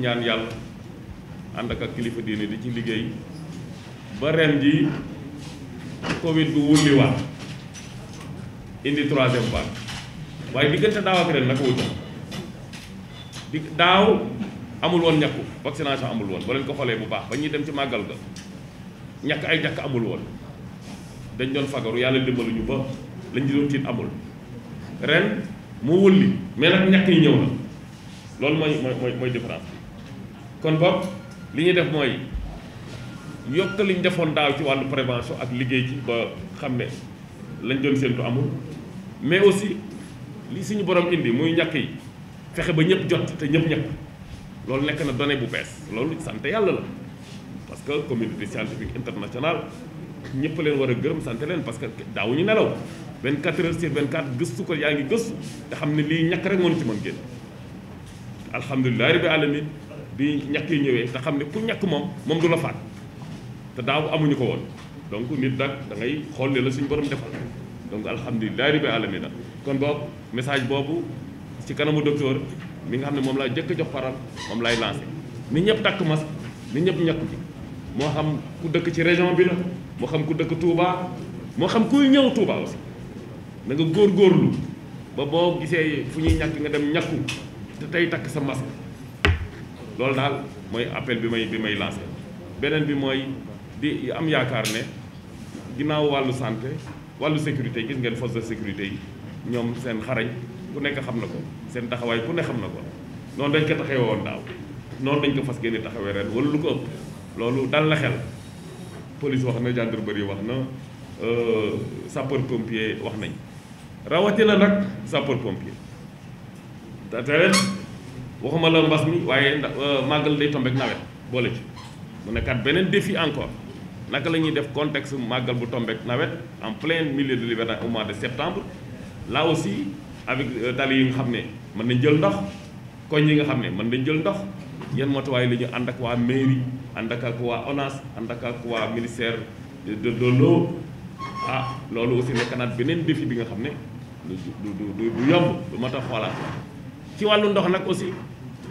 ñaan yàlla ànd ak ak kilifa diine di ci liggéey ba ren ji covid bu wulliwaat indi troisième vague waaye diggante daaw ak ren naka wuta di amul woon ñàkku vaccination amul woon ba ko xoolee bu baax ba ñuy dem ci màggal ga ñàkk ay ñàkk amul woon dañ doon fagaru yàlla dimbaluñu ba lañ di doon tiit amul ren mu wulli mais nag ñàkk yi ñëw na loolu mooy mooy mooy différence kon boog li ñuy def mooy yokk li ñu defoon daaw ci wàllu prévention ak liggéey ci ba xam ne lañ doon séntu amul mais aussi li suñu borom indi muy ñàkk yi fexe ba ñëpp jot te ñëpp ñàkk loolu nekk na donnée bu bees loolu sant yàlla la parce que communauté scientifique internationale ñëpp leen war a gërëm sante leen parce que daawuñu nelaw 24 heures sur 24 gëstu ko yaa ngi gëstu te xam ne lii ñàkk rek moo si mën génn alhamdulilah rabbi bi ñàkk yi ñëwee te xam ne ku ñàkk moom moom du la faat te daaw amuñu ko woon donc nit nag da ngay xool li la suñu borom defal donc alhamdulilah rabbi alamina kon boobu message boobu ci kanamu docteur mi nga xam ne moom laa jëkk jox paral moom lay lancé ni ñëpp takk masque ni ñëpp ñàkk ji moo xam ku dëkk ci région bi la moo xam ku dëkk Touba moo xam kuy ñëw Touba aussi na góor góorgóorlu ba boo gisee fu ñuy ñàkk nga dem ñàkku te tey takk sa masque loolu daal mooy appel bi may bi may lancé beneen bi mooy di am yaakaar ne ginnaaw wàllu santé wàllu sécurité gis ngeen force de sécurité yi ñoom seen xarañ ku nekk xam na ko seen taxawaay ku ne xam na ko noonu dañ ko taxawee woon daaw noonu dañ ko fas génne taxawee ren wala lu ko ëpp loolu dal la xel police wax na gendarmerie wax na euh, sapeur pompier wax nañ rawatina nag sapeur pompier te waxuma la mbas mi waaye ndax euh, màggal day tombeek nawet boole ci mu nekkaat beneen défi encore naka la ñuy def contexte màggal bu tombeek nawet en plein millier de l'hivernage au mois de septembre là aussi avec euh, tali yi nga xam ne mën nañ jël ndox koñ yi nga xam ne mën nañ jël ndox yan matuwaay la ñu ànd ak waa mairie ànd ak waa ONAS ànd ak waa ministère de de l'eau ah loolu aussi nekk naat beneen défi bi nga xam ne du du du du yomb du mat a xoolaat ci wàllu ndox nag aussi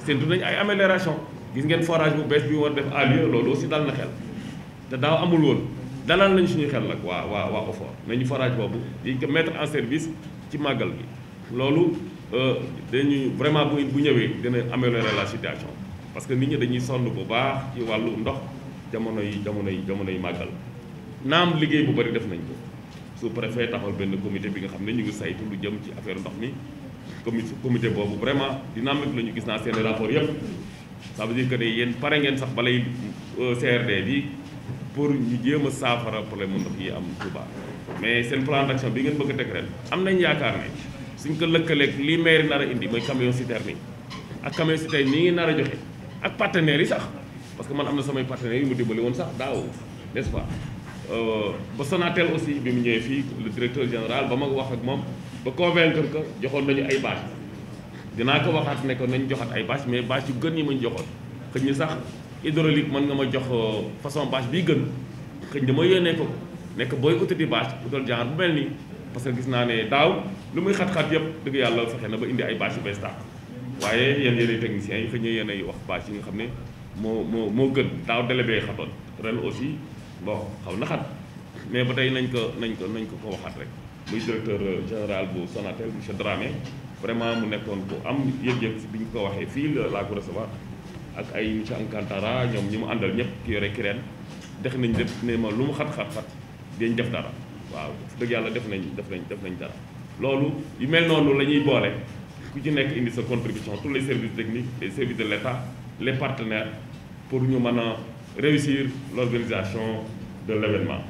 séntu nañ ay amélioration gis ngeen forage bu bees bi war def à lieu loolu aussi dal na xel te daaw amul woon dalal nañ suñu xel nag waa waa waa OFOR nañu forage boobu di ko mettre en service ci màggal gi loolu euh, dañu vraiment bu bu ñëwee dina améliorer la situation parce que nit ñi dañuy sonn bu baax ci wàllu ndox jamono yi jamono yi jamono yi màggal naam liggéey bu bari def nañ ko sous préfet taxawal benn comité bi nga xam ne ñu ngi saytu lu jëm ci affaire ndox mi comité comité boobu vraiment dynamique la ñu gis naa seen rapport yëpp ça veut dire que ne yéen pare ngeen sax balay euh, CRD bi pour ñu jéem a saafara problème ndox yi am Touba mais seen plan d'action bi ngeen bëgg a teg ren am nañ yaakaar ne suñ ko lëkkaleeg li maire nar a indi mooy camion citerne yi ak camion citerne yi ngi nar joxe ak partenaires yi sax parce que man am na samay partenaires yi mu dimbali woon sax daaw n'est-ce pas Euh, ba Sonatel aussi bi mu ñëwee fii le directeur général ba ma wax ak moom ba convaincre que joxoon nañu ay bâche dinaa ko waxaat ne ko nañ joxaat ay bâche mais bâche yu gën yi mañ joxoon xëñ ni sax hydraulique mën nga ma jox euh, façon bâche bii gën xëñ dama yónnee ko nekk booy utati bâche utal genre bu mel nii parce que gis naa ne daaw lu muy xat-xat yëpp dëgg yàlla fexe na ba indi ay bâche yu bees tàq waaye yéen yéenay techniciens yi xëñ na yéenay wax bâche yi nga xam ne moo moo moo gën daaw délai bee xatoon ren bon xaw na xat mais ba tey nañ ko nañ ko nañ ko ko waxaat rek muy directeur euh, général bu Sonatel monsieur Dramé vraiment mu nekkoon ku am yëg-yëg bi ñu ko waxee fii la laa ko recevoir ak ay monsieur Ankantara ñoom ñi mu àndal ñëpp ki yore kireen def nañ def ne ma lu mu xat-xat xat dañ def dara waaw dëgg yàlla def nañ def nañ def nañ dara loolu yu mel noonu la ñuy boole ku ci nekk indi sa contribution tous les services techniques les services de l'État les partenaires pour ñu mën a réussir l'organisation de l'événement.